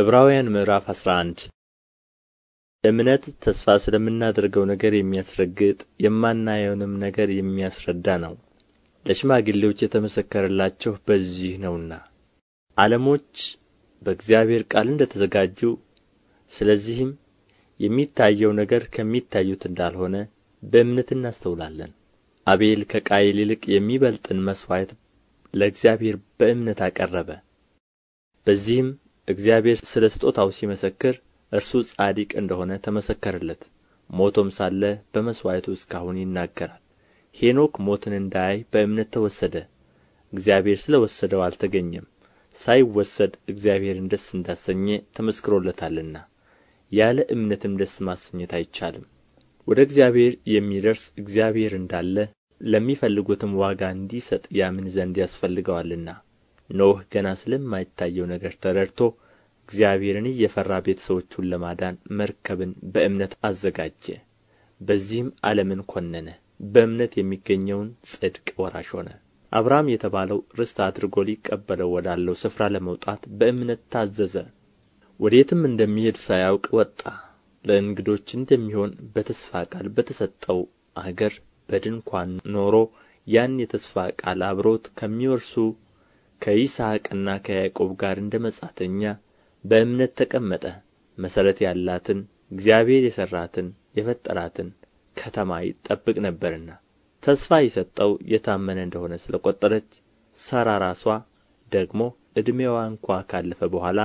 ዕብራውያን ምዕራፍ አስራ አንድ እምነት ተስፋ ስለምናደርገው ነገር የሚያስረግጥ የማናየውንም ነገር የሚያስረዳ ነው። ለሽማግሌዎች የተመሰከረላቸው በዚህ ነውና ዓለሞች በእግዚአብሔር ቃል እንደ ተዘጋጁ፣ ስለዚህም የሚታየው ነገር ከሚታዩት እንዳልሆነ በእምነት እናስተውላለን። አቤል ከቃየል ይልቅ የሚበልጥን መሥዋዕት ለእግዚአብሔር በእምነት አቀረበ። በዚህም እግዚአብሔር ስለ ስጦታው ሲመሰክር እርሱ ጻድቅ እንደሆነ ተመሰከረለት ሞቶም ሳለ በመሥዋዕቱ እስካሁን ይናገራል ሄኖክ ሞትን እንዳያይ በእምነት ተወሰደ እግዚአብሔር ስለ ወሰደው አልተገኘም ሳይወሰድ እግዚአብሔርን ደስ እንዳሰኘ ተመስክሮለታልና ያለ እምነትም ደስ ማሰኘት አይቻልም ወደ እግዚአብሔር የሚደርስ እግዚአብሔር እንዳለ ለሚፈልጉትም ዋጋ እንዲሰጥ ያምን ዘንድ ያስፈልገዋልና ኖኅ ገና ስለማይታየው ነገር ተረድቶ እግዚአብሔርን እየፈራ ቤተ ሰዎቹን ለማዳን መርከብን በእምነት አዘጋጀ በዚህም ዓለምን ኰነነ በእምነት የሚገኘውን ጽድቅ ወራሽ ሆነ አብርሃም የተባለው ርስት አድርጎ ሊቀበለው ወዳለው ስፍራ ለመውጣት በእምነት ታዘዘ ወዴትም እንደሚሄድ ሳያውቅ ወጣ ለእንግዶች እንደሚሆን በተስፋ ቃል በተሰጠው አገር በድንኳን ኖሮ ያን የተስፋ ቃል አብሮት ከሚወርሱ ከይስሐቅና ከያዕቆብ ጋር እንደ መጻተኛ በእምነት ተቀመጠ መሠረት ያላትን እግዚአብሔር የሠራትን የፈጠራትን ከተማ ይጠብቅ ነበርና ተስፋ የሰጠው የታመነ እንደሆነ ስለ ቈጠረች ሣራ ራሷ ደግሞ ዕድሜዋ እንኳ ካለፈ በኋላ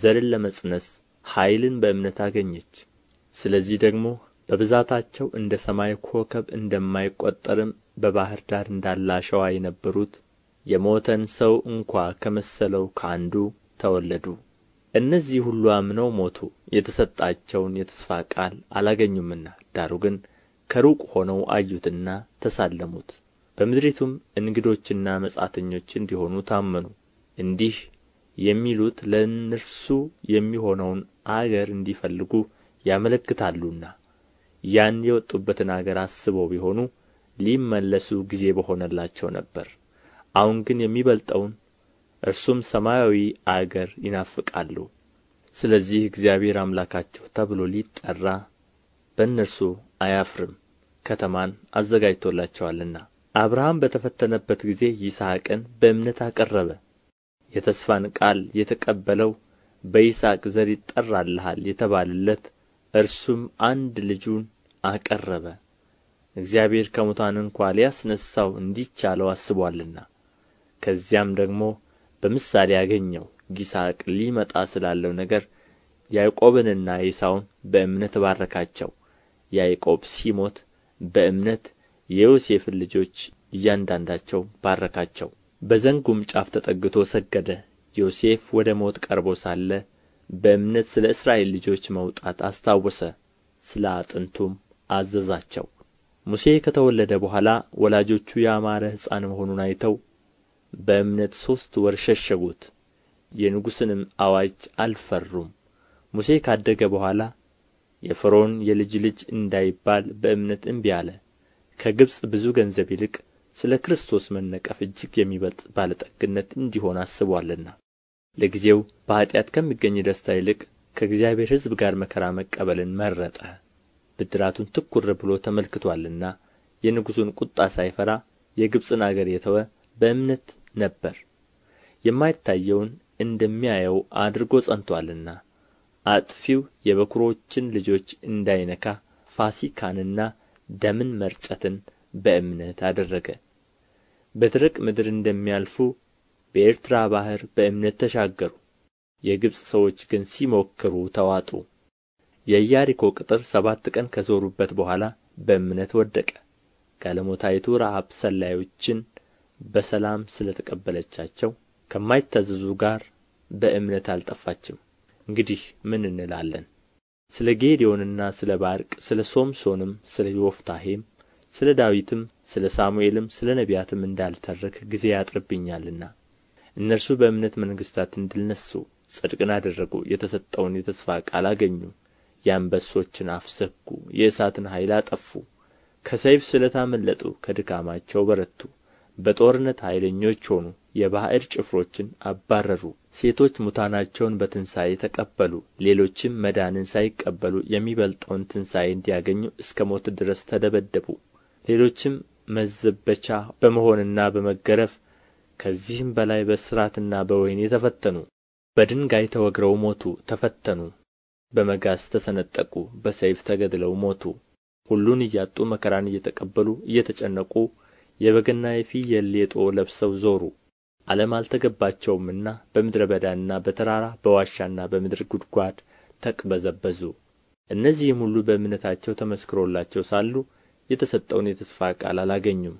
ዘርን ለመጽነስ ኃይልን በእምነት አገኘች። ስለዚህ ደግሞ በብዛታቸው እንደ ሰማይ ኮከብ እንደማይቈጠርም በባሕር ዳር እንዳለ አሸዋ የነበሩት የሞተን ሰው እንኳ ከመሰለው ከአንዱ ተወለዱ እነዚህ ሁሉ አምነው ሞቱ የተሰጣቸውን የተስፋ ቃል አላገኙምና ዳሩ ግን ከሩቅ ሆነው አዩትና ተሳለሙት በምድሪቱም እንግዶችና መጻተኞች እንዲሆኑ ታመኑ እንዲህ የሚሉት ለእነርሱ የሚሆነውን አገር እንዲፈልጉ ያመለክታሉና ያን የወጡበትን አገር አስበው ቢሆኑ ሊመለሱ ጊዜ በሆነላቸው ነበር አሁን ግን የሚበልጠውን እርሱም ሰማያዊ አገር ይናፍቃሉ ስለዚህ እግዚአብሔር አምላካቸው ተብሎ ሊጠራ በእነርሱ አያፍርም ከተማን አዘጋጅቶላቸዋልና አብርሃም በተፈተነበት ጊዜ ይስሐቅን በእምነት አቀረበ የተስፋን ቃል የተቀበለው በይስሐቅ ዘር ይጠራልሃል የተባለለት እርሱም አንድ ልጁን አቀረበ እግዚአብሔር ከሙታን እንኳ ሊያስነሣው እንዲቻለው አስቦአልና ከዚያም ደግሞ በምሳሌ አገኘው ይስሐቅ ሊመጣ ስላለው ነገር ያዕቆብንና ዔሳውን በእምነት ባረካቸው ያዕቆብ ሲሞት በእምነት የዮሴፍን ልጆች እያንዳንዳቸው ባረካቸው በዘንጉም ጫፍ ተጠግቶ ሰገደ ዮሴፍ ወደ ሞት ቀርቦ ሳለ በእምነት ስለ እስራኤል ልጆች መውጣት አስታወሰ ስለ አጥንቱም አዘዛቸው ሙሴ ከተወለደ በኋላ ወላጆቹ ያማረ ሕፃን መሆኑን አይተው በእምነት ሦስት ወር ሸሸጉት የንጉሥንም አዋጅ አልፈሩም ሙሴ ካደገ በኋላ የፈርዖን የልጅ ልጅ እንዳይባል በእምነት እምቢ አለ ከግብፅ ብዙ ገንዘብ ይልቅ ስለ ክርስቶስ መነቀፍ እጅግ የሚበልጥ ባለጠግነት እንዲሆን አስቧልና ለጊዜው በኃጢአት ከሚገኝ ደስታ ይልቅ ከእግዚአብሔር ሕዝብ ጋር መከራ መቀበልን መረጠ ብድራቱን ትኩር ብሎ ተመልክቶአልና የንጉሡን ቁጣ ሳይፈራ የግብፅን አገር የተወ በእምነት ነበር። የማይታየውን እንደሚያየው አድርጎ ጸንቶአልና አጥፊው የበኵሮችን ልጆች እንዳይነካ ፋሲካንና ደምን መርጨትን በእምነት አደረገ። በደረቅ ምድር እንደሚያልፉ በኤርትራ ባሕር በእምነት ተሻገሩ። የግብፅ ሰዎች ግን ሲሞክሩ ተዋጡ። የኢያሪኮ ቅጥር ሰባት ቀን ከዞሩበት በኋላ በእምነት ወደቀ። ጋለሞታይቱ ረዓብ ሰላዮችን በሰላም ስለ ተቀበለቻቸው ከማይታዘዙ ጋር በእምነት አልጠፋችም እንግዲህ ምን እንላለን ስለ ጌዴዎንና ስለ ባርቅ ስለ ሶምሶንም ስለ ዮፍታሔም ስለ ዳዊትም ስለ ሳሙኤልም ስለ ነቢያትም እንዳልተርክ ጊዜ ያጥርብኛልና እነርሱ በእምነት መንግሥታትን ድል ነሡ ጽድቅን አደረጉ የተሰጠውን የተስፋ ቃል አገኙ የአንበሶችን አፍ ዘጉ የእሳትን ኃይል አጠፉ ከሰይፍ ስለት አመለጡ ከድካማቸው በረቱ በጦርነት ኃይለኞች ሆኑ የባዕድ ጭፍሮችን አባረሩ ሴቶች ሙታናቸውን በትንሣኤ ተቀበሉ ሌሎችም መዳንን ሳይቀበሉ የሚበልጠውን ትንሣኤ እንዲያገኙ እስከ ሞት ድረስ ተደበደቡ ሌሎችም መዘበቻ በመሆንና በመገረፍ ከዚህም በላይ በእስራትና በወኅኒ ተፈተኑ በድንጋይ ተወግረው ሞቱ ተፈተኑ በመጋዝ ተሰነጠቁ፣ በሰይፍ ተገድለው ሞቱ። ሁሉን እያጡ መከራን እየተቀበሉ እየተጨነቁ የበግና የፍየል ሌጦ ለብሰው ዞሩ ዓለም አልተገባቸውምና በምድረ በዳና በተራራ በዋሻና በምድር ጕድጓድ ተቅበዘበዙ እነዚህም ሁሉ በእምነታቸው ተመስክሮላቸው ሳሉ የተሰጠውን የተስፋ ቃል አላገኙም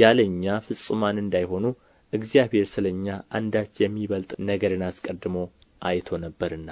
ያለ እኛ ፍጹማን እንዳይሆኑ እግዚአብሔር ስለ እኛ አንዳች የሚበልጥ ነገርን አስቀድሞ አይቶ ነበርና